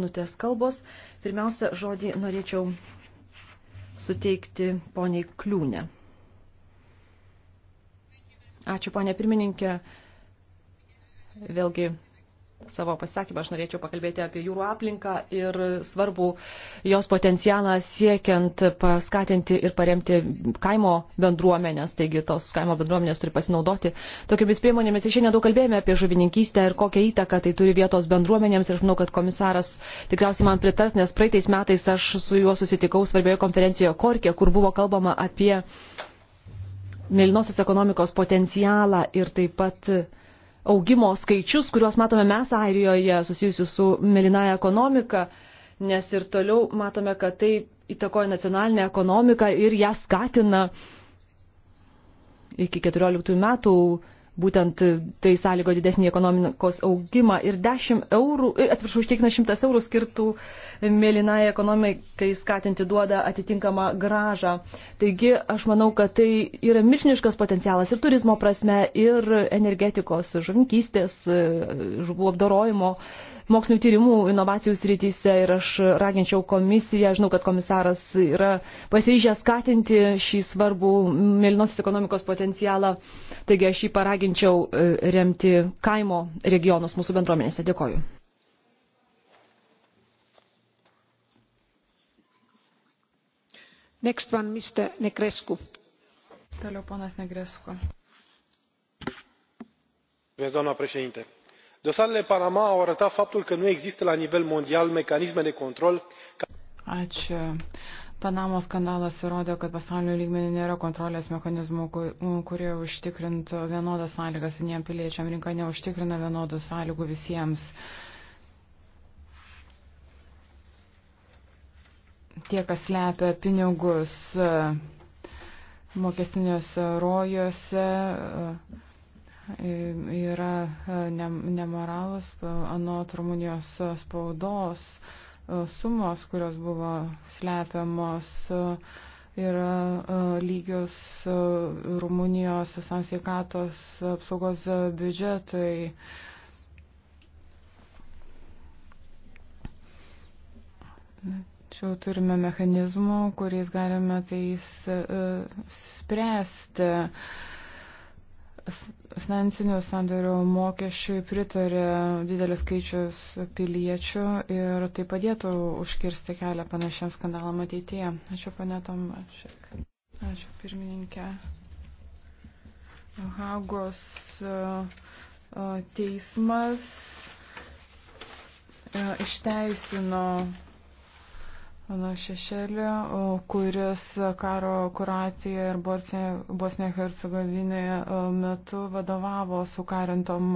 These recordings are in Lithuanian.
minutės kalbos. Pirmiausia, žodį norėčiau suteikti poniai Kliūne. Ačiū, ponė pirmininkė. Vėlgi savo pasisakymą aš norėčiau pakalbėti apie jūrų aplinką ir svarbu jos potencialą siekiant paskatinti ir paremti kaimo bendruomenės, taigi tos kaimo bendruomenės turi pasinaudoti tokiomis priemonėmis. Ir šiandien daug kalbėjome apie žuvininkystę ir kokią įtaką tai turi vietos bendruomenėms ir aš manau, kad komisaras tikriausiai man pritars, nes praeitais metais aš su juo susitikau svarbioje konferencijoje Korkė, kur buvo kalbama apie mėlynosios ekonomikos potencialą ir taip pat augimo skaičius, kuriuos matome mes Airijoje susijusius su melinaja ekonomika, nes ir toliau matome, kad tai įtakoja nacionalinę ekonomiką ir ją skatina iki 14 metų būtent tai sąlygo didesnį ekonomikos augimą ir 10 eurų, e, atsiprašau, už kiekvieną 100 eurų skirtų mėlynai ekonomikai skatinti duoda atitinkamą gražą. Taigi aš manau, kad tai yra milžiniškas potencialas ir turizmo prasme, ir energetikos, žuvinkystės, e, žuvų apdorojimo mokslinių tyrimų inovacijų srityse ir aš raginčiau komisiją, žinau, kad komisaras yra pasiryžęs skatinti šį svarbų mėlynosios ekonomikos potencialą, taigi aš jį paraginčiau e, remti kaimo regionus mūsų bendruomenėse. Dėkoju. Next one, Mr. Negrescu. Toliau ponas Negrescu. Doamna președinte, dosarele panama au arătat faptul că nu există la nivel mondial mecanisme de control Ačiū. Panamos skandalas įrodė, kad pasaulio lygmenį nėra kontrolės mechanizmų, kurie užtikrintų vienodas sąlygas vieniem piliečiam. Rinka neužtikrina vienodų sąlygų visiems. Tie, kas lepia pinigus e, mokestiniuose rojuose. Uh, yra e, nemoralus, anot Rumunijos spaudos e, sumos, kurios buvo slepiamos, e, yra lygios Rumunijos visams sveikatos apsaugos biudžetui. Čia turime mechanizmų, kuriais galime tais spręsti. Uh, finansinių sandorių mokesčiui pritarė didelis skaičius piliečių ir tai padėtų užkirsti kelią panašiam skandalam ateityje. Ačiū, pane Tomašek. Ačiū, pirmininkė. Hagos e, e, teismas e, išteisino Ana Šešelė, kuris karo Kroatijoje ir Bosnijoje Hercegovinoje metu vadovavo sukarintom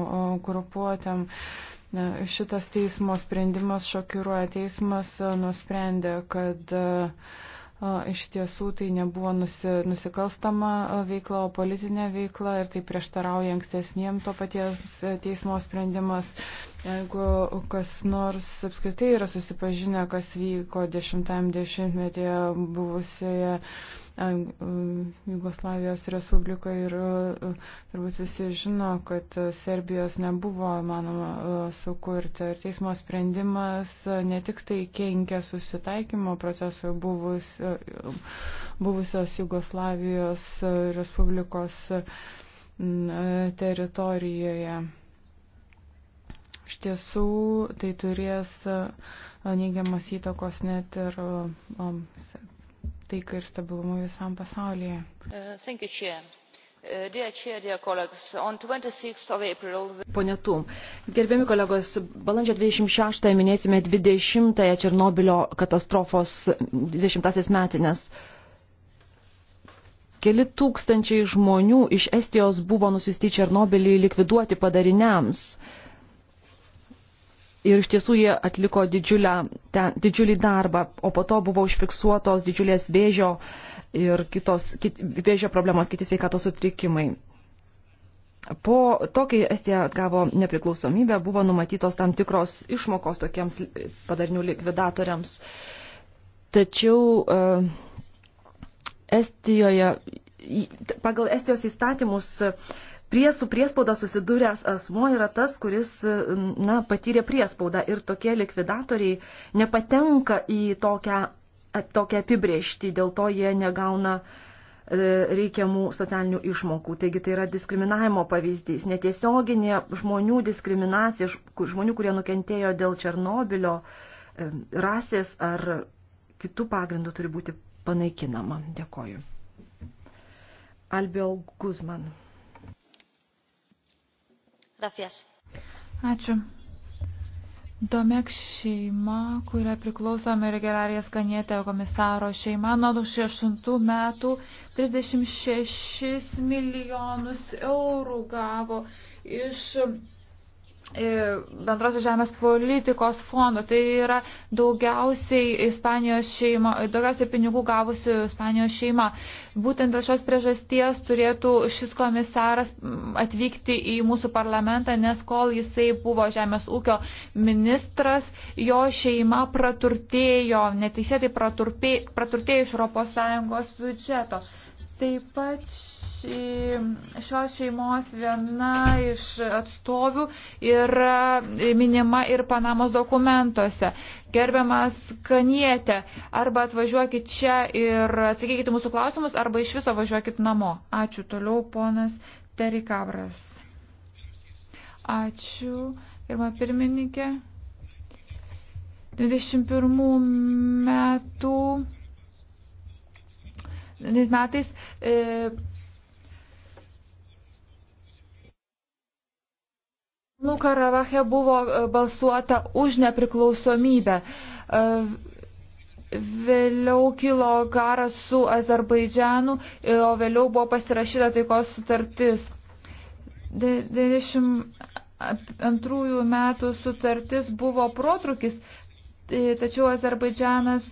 grupuotėm. Šitas teismo sprendimas šokiruoja. Teismas nusprendė, kad uh, iš tiesų tai nebuvo nusi, nusikalstama veikla, o politinė veikla ir tai prieštarauja ankstesniem to paties e, teismo sprendimas. Jeigu kas nors apskritai yra susipažinę, kas vyko 10-metyje buvusioje E, e, Jugoslavijos Respubliką ir e, turbūt visi žino, kad Serbijos nebuvo manoma sukurti. Ir teismo sprendimas ne tik tai kenkia susitaikymo procesui buvus, buvusios Jugoslavijos Respublikos teritorijoje. Iš tiesų, tai turės neigiamas įtakos net ir um, taikai ir stabilumui visam pasaulyje. Uh, uh, Pone Tum, gerbiami kolegos, balandžio 26 minėsime 20-ąją Černobilio katastrofos 20-asias metinės keli tūkstančiai žmonių iš Estijos buvo nusiusti Černobilį likviduoti padariniams ir iš tiesų jie atliko didžiulę, ten, didžiulį darbą, o po to buvo užfiksuotos didžiulės vėžio ir kitos kit, vėžio problemos, kiti sveikatos sutrikimai. Po to, kai Estija atgavo nepriklausomybę, buvo numatytos tam tikros išmokos tokiems padarinių likvidatoriams. Tačiau e, Estijoje, pagal Estijos įstatymus, prie su priespauda susidūręs asmuo yra tas, kuris na, patyrė priespaudą ir tokie likvidatoriai nepatenka į tokią, tokią apibriežtį, dėl to jie negauna e, reikiamų socialinių išmokų. Taigi tai yra diskriminavimo pavyzdys, netiesioginė žmonių diskriminacija, žmonių, kurie nukentėjo dėl Černobilio e, rasės ar kitų pagrindų turi būti panaikinama. Dėkoju. Albiol Guzman. Gracias. Ačiū. Domek šeima, kuria priklauso Mergelarijas Kanietė komisaro šeima, nuo 2008 metų 36 milijonus eurų gavo iš bendrosios žemės politikos fondo. Tai yra daugiausiai, Ispanijos šeima, daugiausiai pinigų gavusi Ispanijos šeima. Būtent dėl šios priežasties turėtų šis komisaras mm, atvykti į mūsų parlamentą, nes kol jisai buvo žemės ūkio ministras, jo šeima praturtėjo, neteisėtai praturtėjo iš ES biudžeto. Taip pat šios šeimos viena iš atstovių yra minima ir Panamos dokumentuose. Gerbiamas Kanietė, arba atvažiuokit čia ir atsakykite mūsų klausimus, arba iš viso važiuokit namo. Ačiū toliau, ponas Terikavras. Ačiū, germa pirmininkė. 21 metų metais e, Kalnų Karavache buvo e, balsuota už nepriklausomybę. E, vėliau kilo karas su Azerbaidžianu, e, o vėliau buvo pasirašyta taikos sutartis. 92 metų sutartis buvo protrukis, tačiau Azerbaidžianas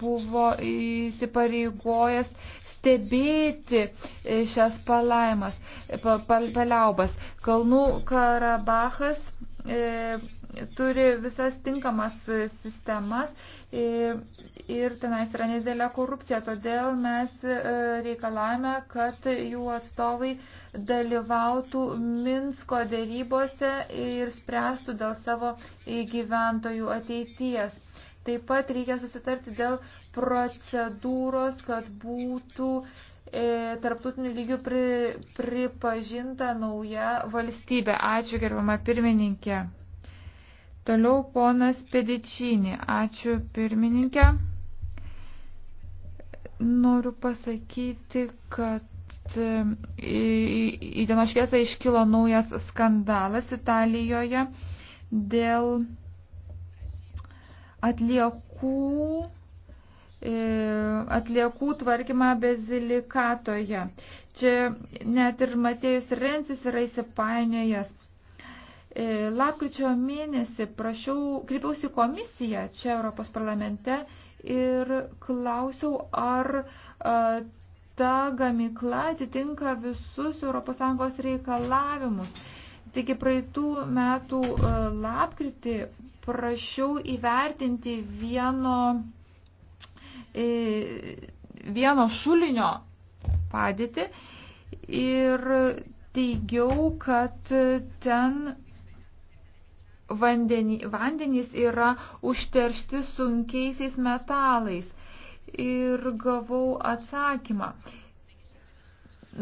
buvo įsipareigojęs stebėti e, šias palaimas, e, paliaubas. Kalnų Karabachas e, turi visas tinkamas e, sistemas ir, ir tenais yra nedėlė korupcija. Todėl mes reikalavome, kad jų atstovai dalyvautų Minsko dėrybose ir spręstų dėl savo gyventojų ateities. Taip pat reikia susitarti dėl procedūros, kad būtų e, tarptautinių lygių pri, pripažinta nauja valstybė. Ačiū gerbama pirmininkė. Toliau ponas Pedičinį. Ačiū pirmininkė. Noriu pasakyti, kad e, į, į dienos šviesą iškilo naujas skandalas Italijoje dėl atliekų E, atliekų tvarkymą bezilikatoje. Čia net ir Matėjus Rencis yra įsipainiojęs. E, lapkričio mėnesį prašiau, kreipiausi komisiją čia Europos parlamente ir klausiau, ar a, e, ta gamikla atitinka visus ES reikalavimus. Taigi praeitų metų lapkritį prašiau įvertinti vieno vieno šulinio padėtį ir teigiau, kad ten vandenį, vandenys yra užteršti sunkiaisiais metalais. Ir gavau atsakymą.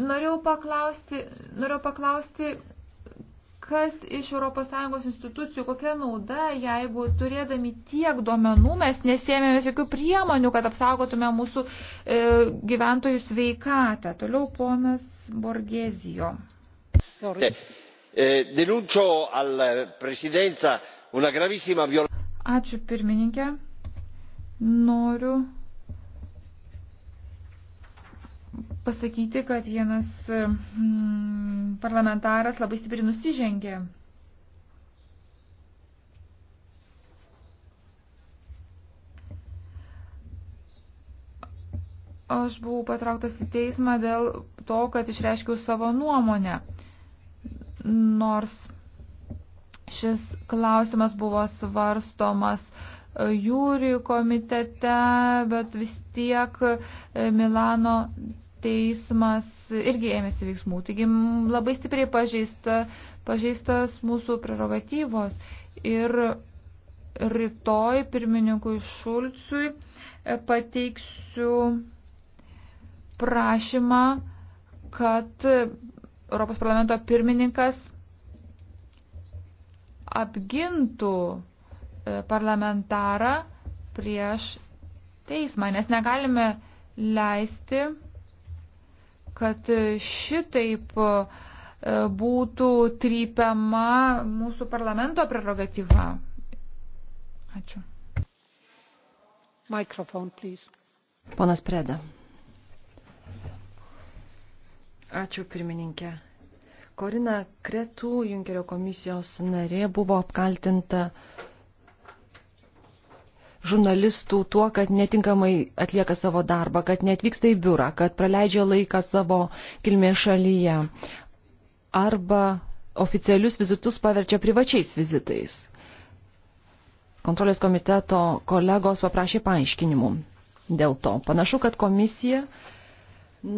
Norėjau paklausti, norėjau paklausti kas iš ES institucijų, kokia nauda, jeigu turėdami tiek duomenų mes nesėmėmės jokių priemonių, kad apsaugotume mūsų e, gyventojų sveikatą. Toliau ponas Borgezijo. Eh, eh, denuncio al presidenza una gravissima violazione. Ačiū pirmininkė. Noriu pasakyti, kad vienas mm, parlamentaras labai stipriai nusižengė. Aš buvau patrauktas į teismą dėl to, kad išreiškiau savo nuomonę. Nors šis klausimas buvo svarstomas e, jūrių komitete, bet vis tiek e, Milano teismas irgi ėmėsi veiksmų. Taigi labai stipriai pažeista, pažeistas mūsų prerogatyvos. Ir rytoj pirmininkui Šulcui e, pateiksiu prašymą, kad Europos parlamento pirmininkas apgintų e, parlamentarą prieš teismą, nes negalime leisti kad šitaip e, būtų trypiama mūsų parlamento prerogatyva. Ačiū. Mikrofon, please. Ponas Preda. Ačiū, pirmininkė. Korina Kretų, Junkerio komisijos narė, buvo apkaltinta uh, žurnalistų tuo, kad netinkamai atlieka savo darbą, kad netvyksta į biurą, kad praleidžia laiką savo kilmės šalyje arba oficialius vizitus paverčia privačiais vizitais. Kontrolės komiteto kolegos paprašė paaiškinimų dėl to. Panašu, kad komisija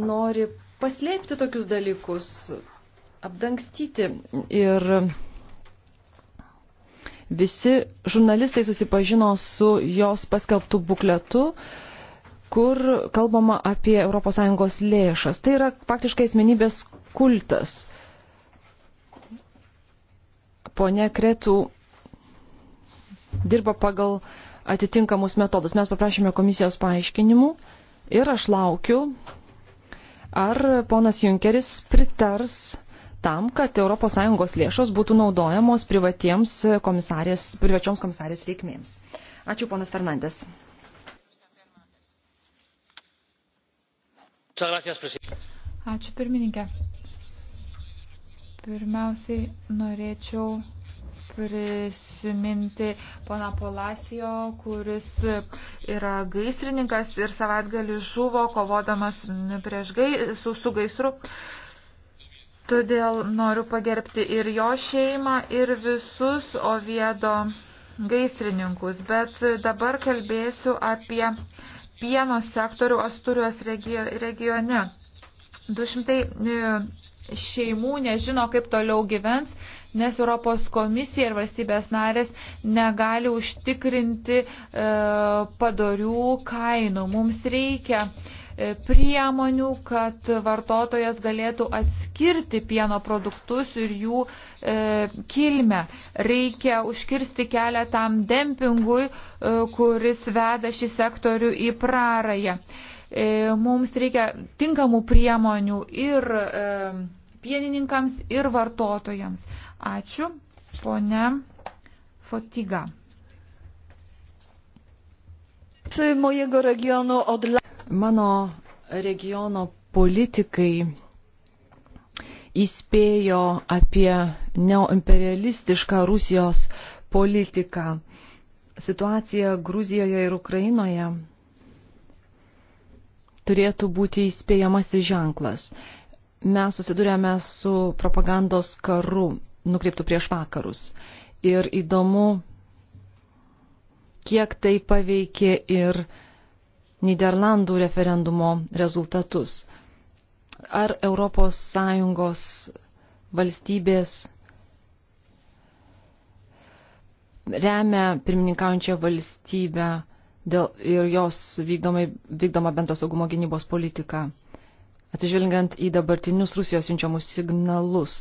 nori paslėpti tokius dalykus, apdangstyti ir visi žurnalistai susipažino su jos paskelbtų bukletu, kur kalbama apie ES lėšas. Tai yra faktiškai asmenybės kultas. Pone Kretų dirba pagal atitinkamus metodus. Mes paprašėme komisijos paaiškinimų ir aš laukiu, ar ponas Junkeris pritars tam, kad ES lėšos būtų naudojamos privatiems komisarės, privačioms komisarės reikmėms. Ačiū, ponas Fernandes. Ačiū, pirmininkė. Pirmiausiai norėčiau prisiminti pana Polasijo, kuris yra gaisrininkas ir savatgalį žuvo kovodamas prieš gai, su, su gaisru. Todėl noriu pagerbti ir jo šeimą, ir visus Oviedo gaisrininkus. Bet dabar kalbėsiu apie pieno sektorių Asturijos regione. 200 e, šeimų nežino, kaip toliau gyvens, nes Europos komisija ir valstybės narės negali užtikrinti e, padorių kainų. Mums reikia e, priemonių, kad vartotojas galėtų atskirti pieno produktus ir jų e, kilmę. Reikia užkirsti kelią tam dempingui, e, kuris veda šį sektorių į prarąją. E, mums reikia tinkamų priemonių ir e, pienininkams, ir vartotojams. Ačiū, ponia Fotiga. Mojego regionu od lat Mano regiono politikai įspėjo apie neoimperialistišką Rusijos politiką. Situacija Gruzijoje ir Ukrainoje turėtų būti įspėjamasis ženklas. Mes susidurėme su propagandos karu nukreiptų prieš vakarus. Ir įdomu, kiek tai paveikė ir Niderlandų referendumo rezultatus. Ar ES valstybės remia pirmininkaujančią valstybę dėl, ir jos vykdomą bendro saugumo gynybos politiką, atsižvelgiant į dabartinius Rusijos siunčiamus signalus?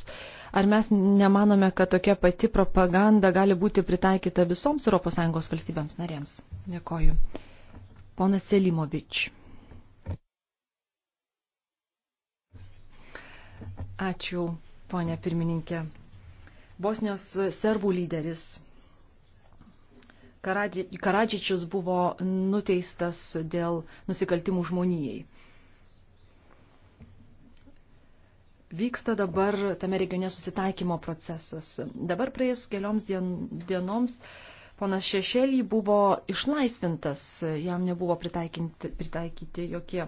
Ar mes nemanome, kad tokia pati propaganda gali būti pritaikyta visoms ES valstybėms narėms? Dėkoju. Ponas Selimovič. Ačiū, ponė pirmininkė. Bosnijos serbų lyderis Karadžičius buvo nuteistas dėl nusikaltimų žmonijai. Vyksta dabar tame regione susitaikymo procesas. Dabar praėjus kelioms dien, dienoms uh, ponas Šešėlį buvo išlaisvintas, jam nebuvo pritaikyti jokie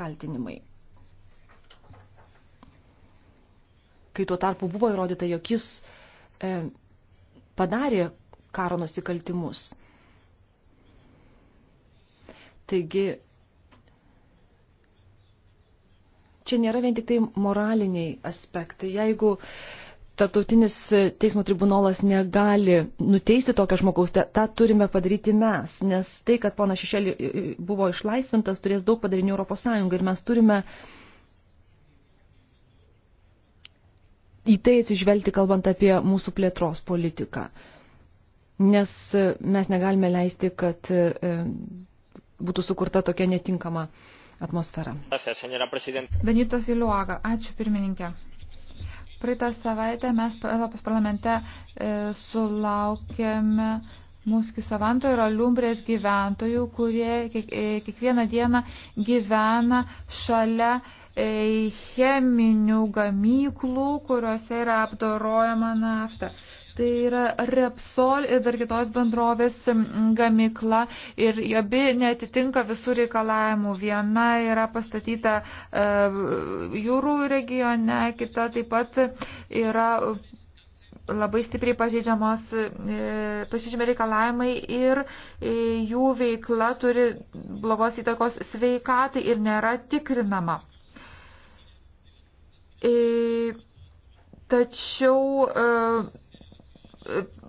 kaltinimai. Kai tuo tarpu buvo įrodyta, jog jis e, padarė karo nusikaltimus. Taigi, čia nėra vien tik tai moraliniai aspektai. Jeigu e, tarptautinis teismo tribunolas negali nuteisti tokio žmogaus, tą turime padaryti mes, nes tai, kad ponas Šešelį buvo išlaisvintas, turės daug padarinių Europos Sąjungai ir mes turime į tai atsižvelgti, kalbant apie mūsų plėtros politiką, nes e, mes negalime leisti, kad e, būtų sukurta tokia netinkama atmosfera. Benito Siluaga, ačiū pirmininkė. Praeitą savaitę mes Europos parlamente e, sulaukėme Muski Savanto yra Lumbrės gyventojų, kurie e, kiekvieną dieną gyvena šalia e, cheminių gamyklų, kuriuose yra apdorojama nafta. Tai yra Repsol ir dar kitos bendrovės gamikla ir abi netitinka visų reikalavimų. Viena yra pastatyta e, jūrų regione, kita taip pat yra labai stipriai pažeidžiamos, e, pažeidžiami reikalavimai ir e, jų veikla turi blogos įtakos sveikatai ir nėra tikrinama. Tačiau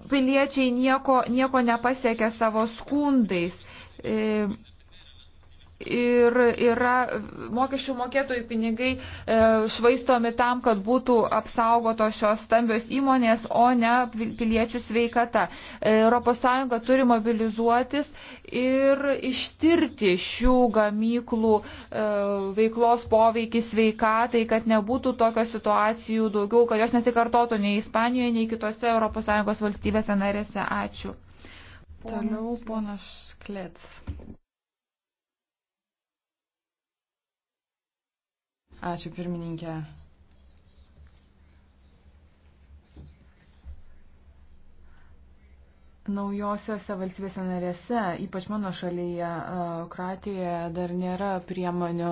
piliečiai nieko, nieko nepasiekia savo skundais. E, ir yra mokesčių mokėtojų pinigai e, švaistomi tam, kad būtų apsaugotos šios stambios įmonės, o ne piliečių sveikata. ES turi mobilizuotis ir ištirti šių gamyklų e, veiklos poveikį sveikatai, kad nebūtų tokio situacijų daugiau, kad jos nesikartotų nei Ispanijoje, nei kitose ES valstybėse narėse. Ačiū. Toliau ponas Šklets. Ačiū pirmininkė. Naujosiose valstybėse narėse, ypač mano šalyje, Kroatijoje, dar nėra priemonių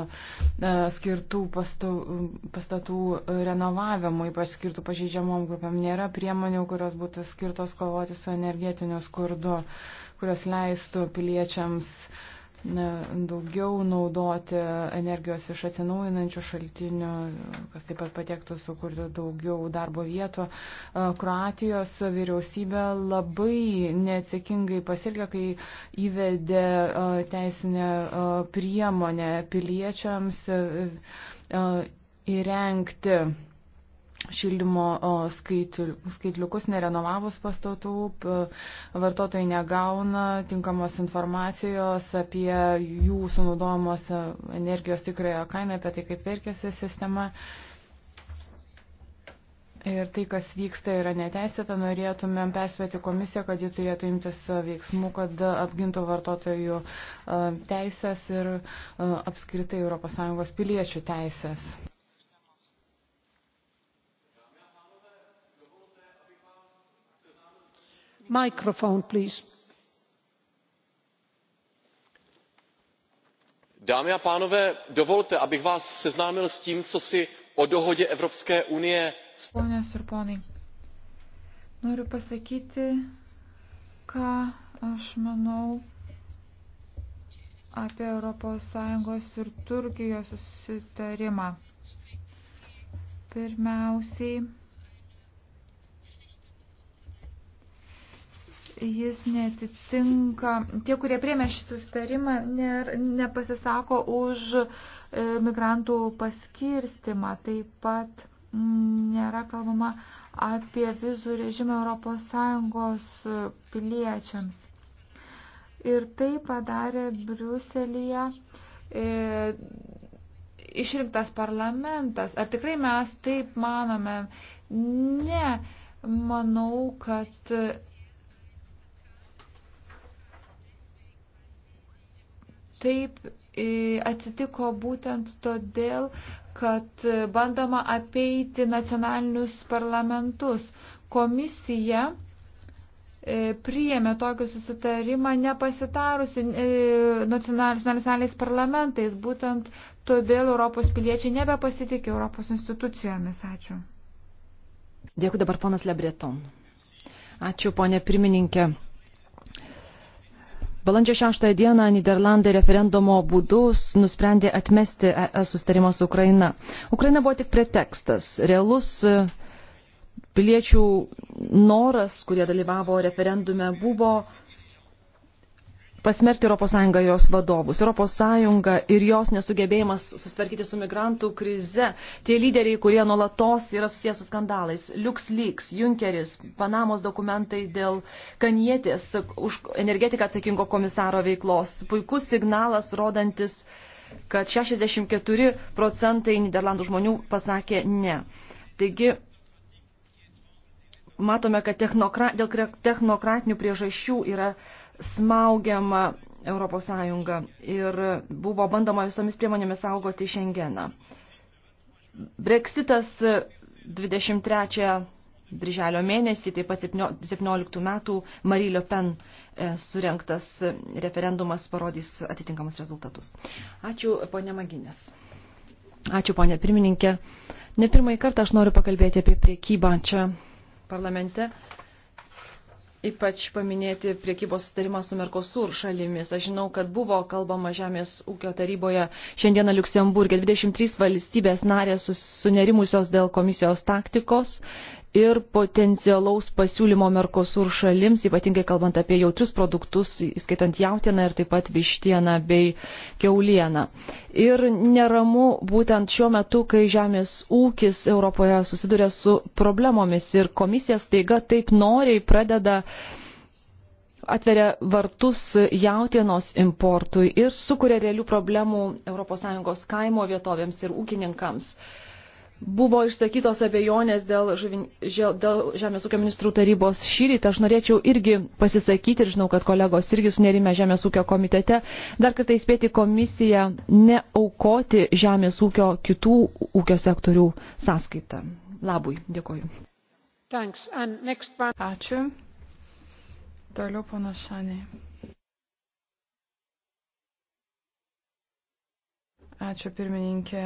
skirtų pastu, pastatų renovavimui, ypač skirtų pažeidžiamom grupėm. Nėra priemonių, kurios būtų skirtos kovoti su energetiniu skurdu, kurios leistų piliečiams uh, daugiau naudoti energijos iš atsinaujinančių šaltinių, kas taip pat patektų sukurti daugiau darbo vietų. Kroatijos vyriausybė labai neatsakingai pasielgė, kai įvedė teisinę priemonę piliečiams įrengti šildymo skaitliukus nerenovavus pastatų, vartotojai negauna tinkamos informacijos apie jų sunaudojamos e, energijos tikrąją kainą, apie tai, kaip verkiasi sistema. Ir tai, kas vyksta, yra neteisėta. Norėtumėm perspėti komisiją, kad ji turėtų imtis e, veiksmų, kad apgintų vartotojų e, teisės ir apskritai ES piliečių teisės. dámy a pánové dovolte abych vás seznámil s tím co si o dohodě evropské unie. ponios ir ponai noriu pasakyti ką aš manau apie europos sąjungos ir turkijos susitarimą. pirmiausiai jis netitinka, tie, kurie priemė šį sustarimą, ne, nepasisako už e, migrantų paskirstimą. Taip pat nėra kalbama apie vizų režimą ES e, piliečiams. Ir tai padarė Briuselėje e, išrinktas parlamentas. Ar tikrai mes taip manome? Ne. Manau, kad Taip e, atsitiko būtent todėl, kad bandoma apeiti nacionalinius parlamentus. Komisija e, priėmė tokį susitarimą nepasitarusi e, nacionaliniais parlamentais. Būtent todėl Europos piliečiai nebepasitikė Europos institucijomis. Ačiū. Dėkui dabar ponas Lebreton. Ačiū, ponė pirmininkė. Balandžio 6 dieną Niderlandai referendumo būdus nusprendė atmesti ES sustarimą su Ukraina. Ukraina buvo tik pretekstas, realus e, piliečių noras, kurie dalyvavo referendume, buvo pasmerkti ES ir jos vadovus. ES ir jos nesugebėjimas susitvarkyti su migrantų krize, tie lyderiai, kurie nuolatos yra susijęs su skandalais, LuxLeaks, Junkeris, Panamos dokumentai dėl kanietės už energetiką atsakingo komisaro veiklos, puikus signalas rodantis, kad 64 procentai Niderlandų žmonių pasakė ne. Taigi, Matome, kad technokra, dėl technokratinių priežasčių yra uh, smaugiama ES ir buvo bandoma visomis priemonėmis saugoti Šengeną. Brexitas 23 birželio mėnesį, taip pat 17 metų Marie Le Pen e, surinktas referendumas parodys atitinkamus rezultatus. Ačiū, ponė Maginės. Ačiū, ponė pirmininkė. Ne pirmąjį kartą aš noriu pakalbėti apie priekybą čia parlamente ypač paminėti priekybos sutarimą su Merkosur šalimis. Aš žinau, kad buvo kalbama Žemės ūkio taryboje šiandieną Luksemburgė. 23 valstybės narės sunerimusios dėl komisijos taktikos ir potencialaus pasiūlymo Merkosur šalims, ypatingai kalbant apie jautrius produktus, įskaitant jautieną ir taip pat vištieną bei keulieną. Ir neramu būtent šiuo metu, kai žemės ūkis Europoje susiduria su problemomis ir komisija staiga taip noriai pradeda atveria vartus jautienos importui ir sukuria realių problemų ES kaimo vietovėms ir ūkininkams. Uh, buvo išsakytos abejonės dėl, žuvin, dėl Žemės ūkio ministrų tarybos šyryt. Aš norėčiau irgi pasisakyti ir žinau, kad kolegos irgi sunerime Žemės ūkio komitete. Dar kartą įspėti komisiją neaukoti Žemės ūkio kitų ūkio sektorių sąskaitą. Labui, dėkoju. Thanks. And next one. Ačiū. Toliau ponas Šaniai. Ačiū pirmininkė.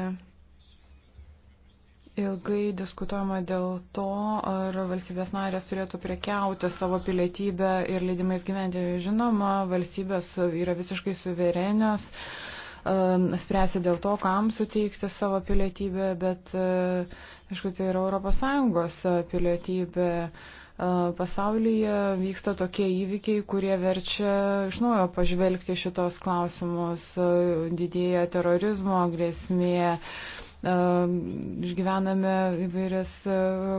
Ilgai diskutuojama dėl to, ar valstybės narės turėtų prekiauti savo pilietybę ir leidimais gyventi. Žinoma, valstybės yra visiškai suverenios, um, spręsia dėl to, kam suteikti savo pilietybę, bet, uh, aišku, tai yra ES uh, pilietybė. Uh, pasaulyje vyksta tokie įvykiai, kurie verčia iš naujo pažvelgti šitos klausimus, didėja terorizmo grėsmė išgyvename įvairias e,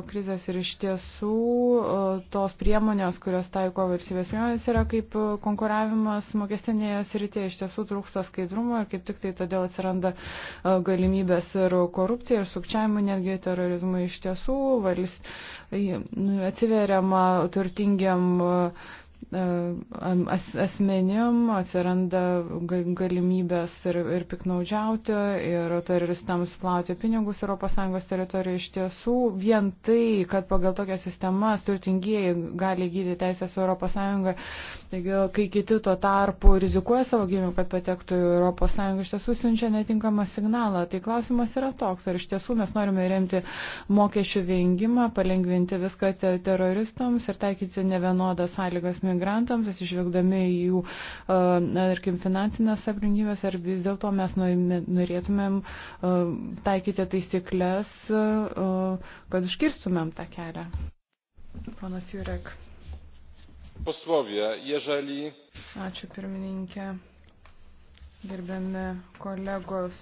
krizės ir iš tiesų e, tos priemonės, kurios taiko valstybės priemonės, yra kaip e, konkuravimas mokestinėje srityje. Iš tiesų trūksta skaidrumo ir kaip tik tai todėl atsiranda galimybės ir korupcijai, ir sukčiavimui, netgi terorizmui. Iš tiesų valst... atsiveriama turtingiam E, as, asmenim atsiranda galimybės ir, ir piknaudžiauti, ir teroristams plauti pinigus ES teritorijoje iš tiesų. Vien tai, kad pagal tokią sistemą turtingieji gali gydyti teisės ES, taigi, kai kiti tuo tarpu rizikuoja savo gyvimą, kad patektų į ES, iš tiesų siunčia netinkamą signalą. Tai klausimas yra toks, ar iš tiesų mes norime remti mokesčių vengimą, palengvinti viską teroristams ir taikyti nevienodas sąlygas migrantams, atsižvelgdami į jų, e, tarkim, finansinės aplinkybės, ar vis dėlto mes norėtumėm e, taikyti taisyklės, e, kad užkirstumėm tą kelią. Ponas Jurek. Poslovė, ježelį. Ačiū pirmininkė. Gerbiami kolegos.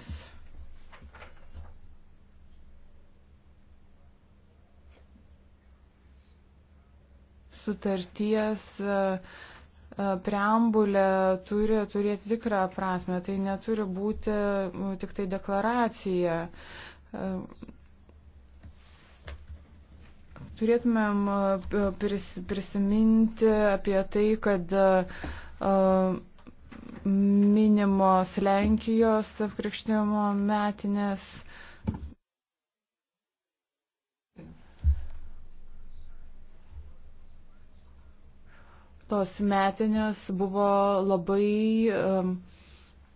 sutarties e, e, preambulė turi turėti tikrą prasme, tai neturi būti tik tai deklaracija. E, turėtumėm prisiminti apie tai, kad minimos Lenkijos apkrikštimo metinės tos metinės buvo labai um,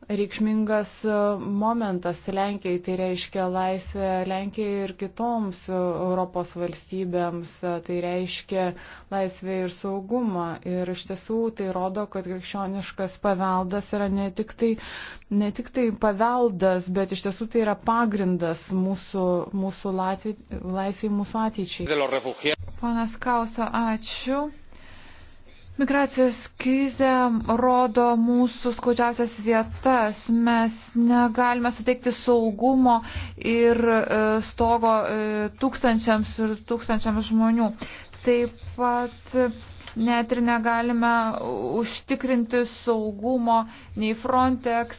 reikšmingas e, momentas Lenkijai, tai reiškia laisvę Lenkijai ir kitoms e, Europos valstybėms, e, tai reiškia laisvę ir saugumą. Ir iš tiesų tai rodo, kad krikščioniškas paveldas yra ne tik tai, ne tik tai paveldas, bet iš tiesų tai yra pagrindas mūsų, mūsų laisviai, mūsų ateičiai. Ponas Kausa, ačiū. Migracijos krizė rodo mūsų skaudžiausias vietas. Mes negalime suteikti saugumo ir e, stogo e, tūkstančiams ir tūkstančiams žmonių. Taip pat net ir negalime užtikrinti saugumo nei Frontex,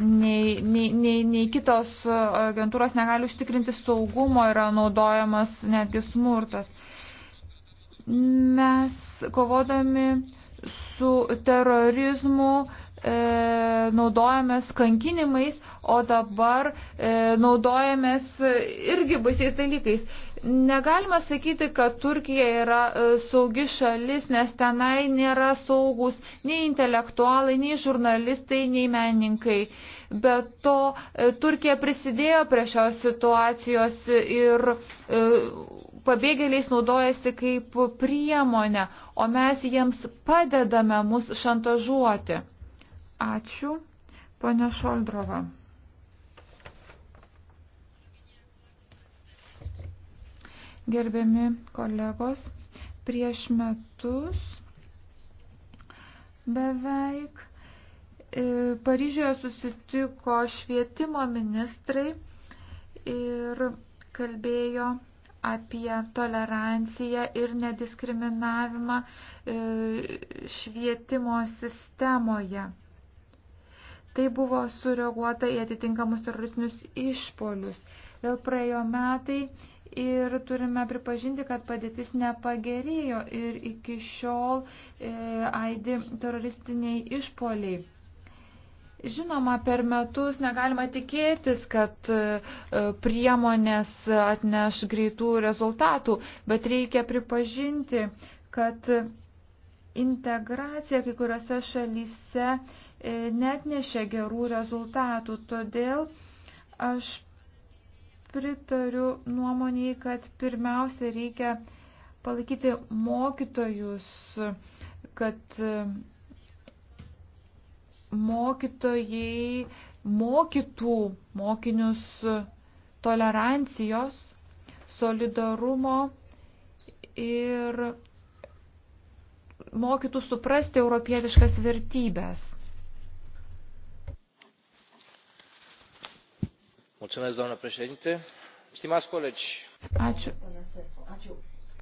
nei, nei, nei, nei kitos agentūros negali užtikrinti saugumo, yra naudojamas netgi smurtas. Mes kovodami su terorizmu e, naudojamės kankinimais, o dabar e, naudojamės irgi baisiais dalykais. Negalima sakyti, kad Turkija yra e, saugi šalis, nes tenai nėra saugus nei intelektualai, nei žurnalistai, nei menininkai. Be to, e, Turkija prisidėjo prie šios situacijos ir e, pabėgėliais naudojasi kaip priemonę, o mes jiems padedame mus šantažuoti. Ačiū, ponia Šoldrova. Gerbiami kolegos, prieš metus beveik e, Paryžioje susitiko švietimo ministrai ir kalbėjo apie toleranciją ir nediskriminavimą e, švietimo sistemoje. Tai buvo sureaguota į atitinkamus teroristinius išpolius. Vėl praėjo metai ir turime pripažinti, kad padėtis nepagerėjo ir iki šiol e, aidi teroristiniai išpoliai. Žinoma, per metus negalima tikėtis, kad e, e, priemonės atneš greitų rezultatų, bet reikia pripažinti, kad integracija kai kuriuose šalyse net nešia gerų rezultatų. Todėl aš pritariu nuomoniai, kad pirmiausia reikia palaikyti mokytojus, kad e, mokytojai mokytų mokinius tolerancijos, solidarumo ir mokytų suprasti europietiškas vertybės. Mulțumesc, doamnă președinte. Stimați colegi. Ačiū. Ačiū.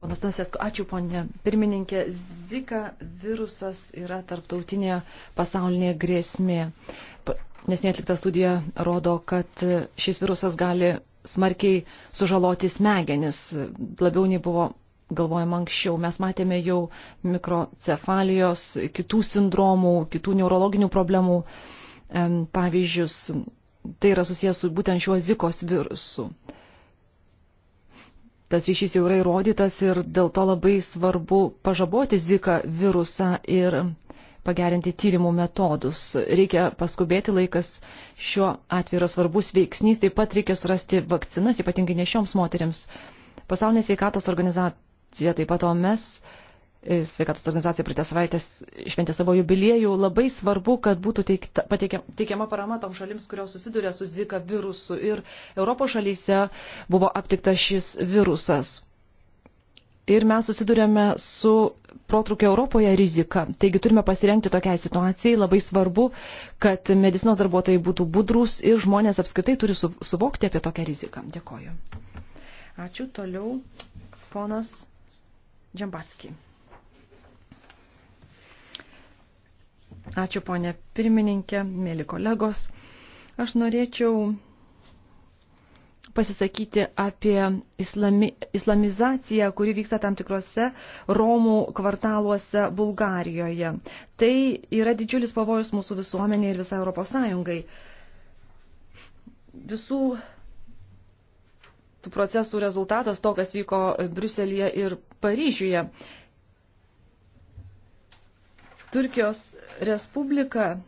Ponas Tansesko, ačiū ponė. Pirmininkė, Zika virusas yra tarptautinė pasaulinė grėsmė. Nes netlikta studija rodo, kad šis virusas gali smarkiai sužaloti smegenis, labiau nei buvo galvojama anksčiau. Mes matėme jau mikrocefalijos, kitų sindromų, kitų neurologinių problemų pavyzdžius. Tai yra susijęs su būtent šiuo Zikos virusu tas ryšys jau yra įrodytas ir dėl to labai svarbu pažaboti Zika virusą ir pagerinti tyrimų metodus. Reikia paskubėti laikas, šiuo atveju yra svarbus veiksnys, taip pat reikia surasti vakcinas, ypatingai nešioms moteriams. Pasaulinė sveikatos organizacija, taip pat OMS, sveikatos organizacija prie savaitės šventė savo jubiliejų, labai svarbu, kad būtų teikta, pateikiama, teikiama parama tom šalims, kurios susiduria su Zika virusu. Ir Europos šalyse buvo aptiktas šis virusas. Ir mes susidurėme su protrukio Europoje rizika. Taigi turime pasirengti tokiai situacijai. Labai svarbu, kad medicinos darbuotojai būtų budrus ir žmonės apskritai turi su, suvokti apie tokią riziką. Dėkoju. Ačiū. Toliau ponas Džambatski. Ačiū, ponė pirmininkė, mėly kolegos. Aš norėčiau pasisakyti apie islami, islamizaciją, kuri vyksta tam tikrose Romų kvartaluose Bulgarijoje. Tai yra didžiulis pavojus mūsų visuomenė ir visai Europos Sąjungai. Visų tų procesų rezultatas to, kas vyko Bruselėje ir Paryžiuje, Turkijos Respublika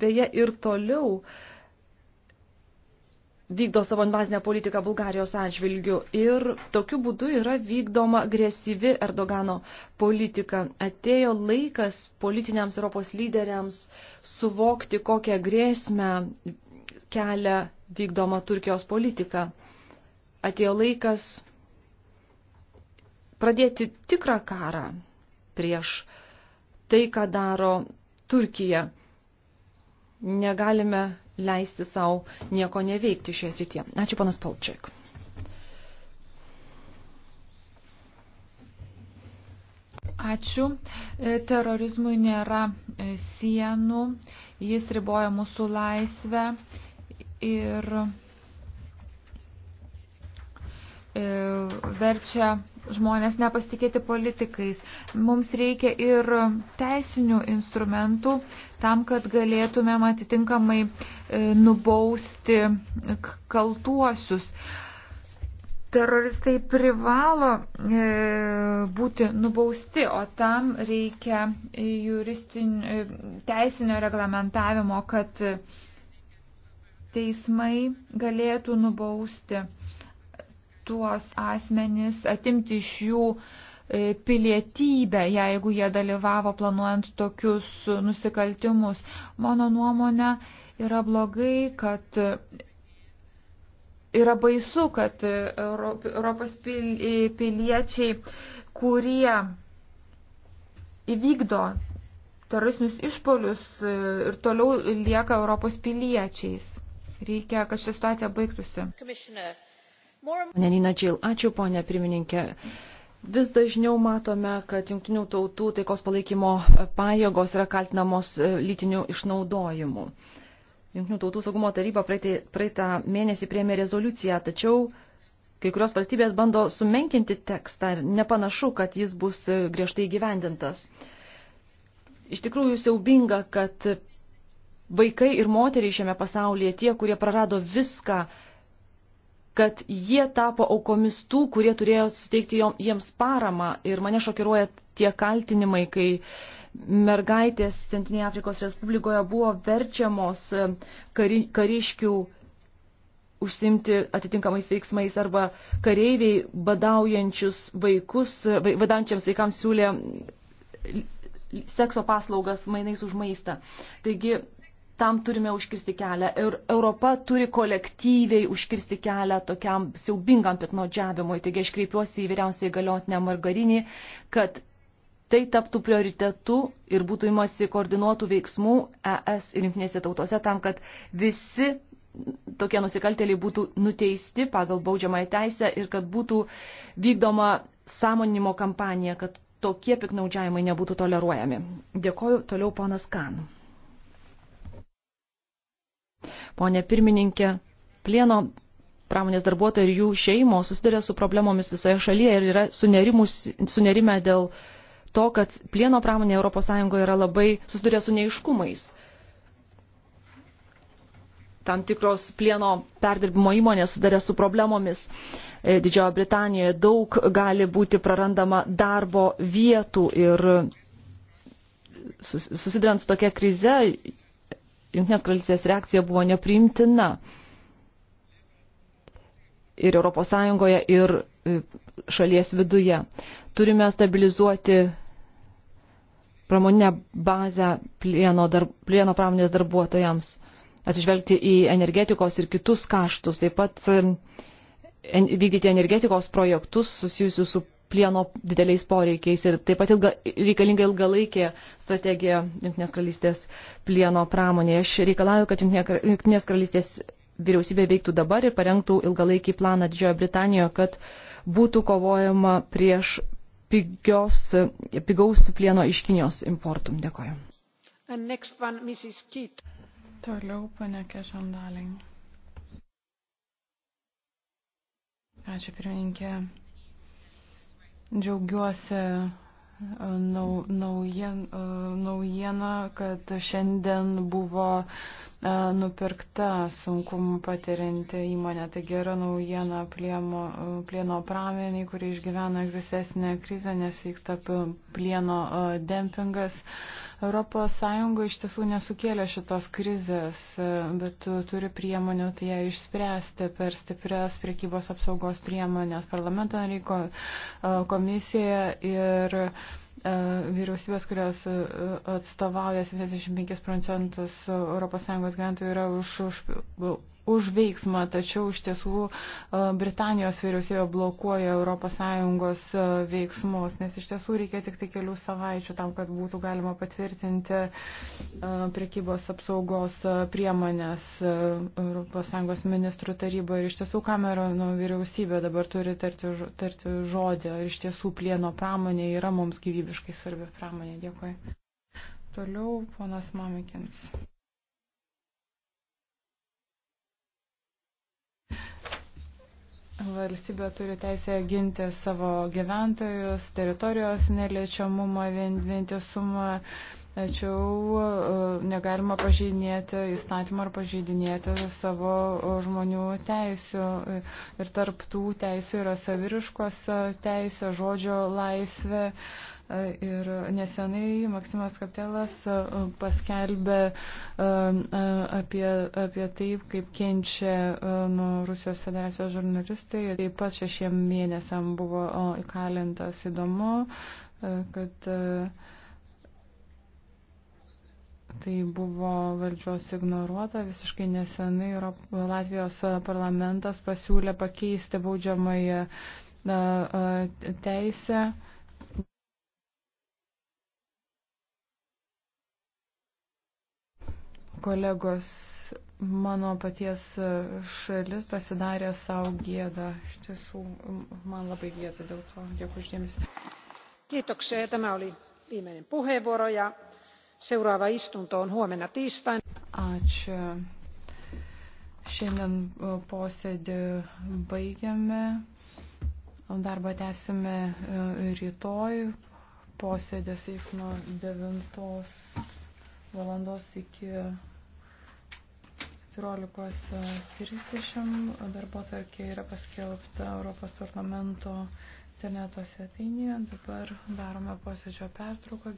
beje ir toliau vykdo savo invazinę politiką Bulgarijos atžvilgių ir tokiu būdu yra vykdoma agresyvi Erdogano politika. Atėjo laikas politiniams Europos lyderiams suvokti, kokią grėsmę kelia vykdoma Turkijos politika. Atėjo laikas pradėti tikrą karą prieš Turkiją tai, ką daro Turkija. Negalime leisti savo nieko neveikti šioje srityje. Ačiū, panas Palčiak. Ačiū. E, terorizmui nėra e, sienų, jis riboja mūsų laisvę ir e, verčia žmonės nepasitikėti politikais. Mums reikia ir teisinių instrumentų tam, kad galėtumėm atitinkamai e, nubausti kaltuosius. Teroristai privalo e, būti nubausti, o tam reikia juristinio, e, teisinio reglamentavimo, kad teismai galėtų nubausti tuos asmenis, atimti iš jų e, pilietybę, jeigu jie dalyvavo planuojant tokius nusikaltimus. Mano nuomonė yra blogai, kad yra baisu, kad Europos piliečiai, kurie įvykdo teroristinius išpolius e, ir toliau lieka Europos piliečiais. Reikia, kad ši situacija baigtųsi. Komisioner. Pone Nina Džil, ačiū ponė pirmininkė. Vis dažniau matome, kad jungtinių tautų taikos palaikymo pajėgos yra kaltinamos e, lytiniu išnaudojimu. Jungtinių tautų saugumo taryba praeitą mėnesį priemė rezoliuciją, tačiau kai kurios valstybės bando sumenkinti tekstą ir nepanašu, kad jis bus e, griežtai gyvendintas. Iš tikrųjų siaubinga, kad vaikai ir moteriai šiame pasaulyje, tie, kurie prarado viską, kad jie tapo aukomis tų, kurie turėjo suteikti jiems paramą. Ir mane šokiruoja tie kaltinimai, kai mergaitės Centrinėje Afrikos Respublikoje buvo verčiamos e, kari, kariškių užsimti atitinkamais veiksmais arba kareiviai badaujančius vaikus, e, badaujančiams vaikams siūlė sekso paslaugas mainais už maistą. Taigi tam turime užkirsti kelią. Ir Europa turi kolektyviai užkirsti kelią tokiam siaubingam piknaudžiavimui. Taigi aš kreipiuosi į vyriausiai galiotinę Margarinį, kad tai taptų prioritetu ir būtų imasi koordinuotų veiksmų ES ir jungtinėse tautose tam, kad visi tokie nusikaltėliai būtų nuteisti pagal baudžiamąją teisę ir kad būtų vykdoma sąmoninimo kampanija, kad tokie piknaudžiavimai nebūtų toleruojami. Dėkoju toliau ponas Kan. Pone pirmininkė, plieno pramonės darbuotojai ir jų šeimos susiduria su problemomis visoje šalyje ir yra sunerimus, sunerimę dėl to, kad plieno pramonė ES yra labai susiduria su neiškumais. Tam tikros plieno perdirbimo įmonės susiduria su problemomis. E, Didžiojo Britanijoje daug gali būti prarandama darbo vietų ir susidurant su tokia krize, Junktinės karalystės reakcija buvo nepriimtina ir ES, ir e, šalies viduje. Turime stabilizuoti pramoninę bazę plieno, dar, plieno pramonės darbuotojams, atsižvelgti į energetikos ir kitus kaštus, taip pat e, vykdyti energetikos projektus susijusius su plieno dideliais poreikiais ir taip pat ilga, reikalinga ilgalaikė strategija Junktinės karalystės plieno pramonėje. Aš reikalauju, kad Junktinės karalystės vyriausybė veiktų dabar ir parengtų ilgalaikį planą Didžiojo Britanijoje, kad būtų kovojama prieš pigios, pigaus plieno iš Kinijos importų. Dėkoju. One, Toliau panekė žandalink. Ačiū pirmininkė. Džiaugiuosi e, naujien, e, naujieną, kad šiandien buvo e, nupirkta sunkumų patirinti įmonė. Tai gera naujiena plieno, plieno prameniai, kurie išgyvena egzistencinę krizę, nes vyksta plieno dempingas. ES iš tiesų nesukėlė šitos krizės, bet turi priemonių tai ją išspręsti per stiprias priekybos apsaugos priemonės. Parlamento reiko e, komisija ir e, vyriausybės, kurios e, atstovauja 75 procentus ES gyventojų, yra už, už už veiksmą, tačiau iš tiesų e, Britanijos vyriausybė blokuoja ES e, veiksmus, nes iš tiesų reikia tik tai kelių savaičių tam, kad būtų galima patvirtinti e, prekybos apsaugos priemonės ES ministrų taryboje. Ir iš tiesų Kamerono vyriausybė dabar turi tarti, tarti žodį, ar iš tiesų plieno pramonė yra mums gyvybiškai svarbi pramonė. Dėkui. Toliau ponas Mamikins. Valstybė turi teisę ginti savo gyventojus, teritorijos neliečiamumą, vientisumą, tačiau e, negalima pažeidinėti įstatymą ar pažeidinėti savo e, žmonių teisių. E, ir tarptų teisių yra saviriškos teisė, žodžio laisvė, Ir nesenai Maksimas Kaptelas e, paskelbė e, e, apie, apie taip, kaip kenčia nuo Rusijos federacijos žurnalistai. Taip pat šešiem mėnesiam buvo įkalintas įdomu, kad Tai buvo valdžios ignoruota. Visiškai nesenai Latvijos parlamentas pasiūlė pakeisti baudžiamąją teisę. Kolegos, mano paties šalis pasidarė savo gėdą. Iš tiesų, man labai gėda dėl to. Dėkui uždėmesi. Kiitoksia. Tämä oli viimeinen puheenvuoro ja seuraava istunto on huomenna tiistaina. Ačiū. Šiandien e, posėdį baigiame. Darbą tęsime e, rytoj. Posėdės vyks nuo 9 valandos iki 14.30 darbo tarkė yra paskelbta Europos parlamento interneto svetainėje. Dabar darome posėdžio pertrauką.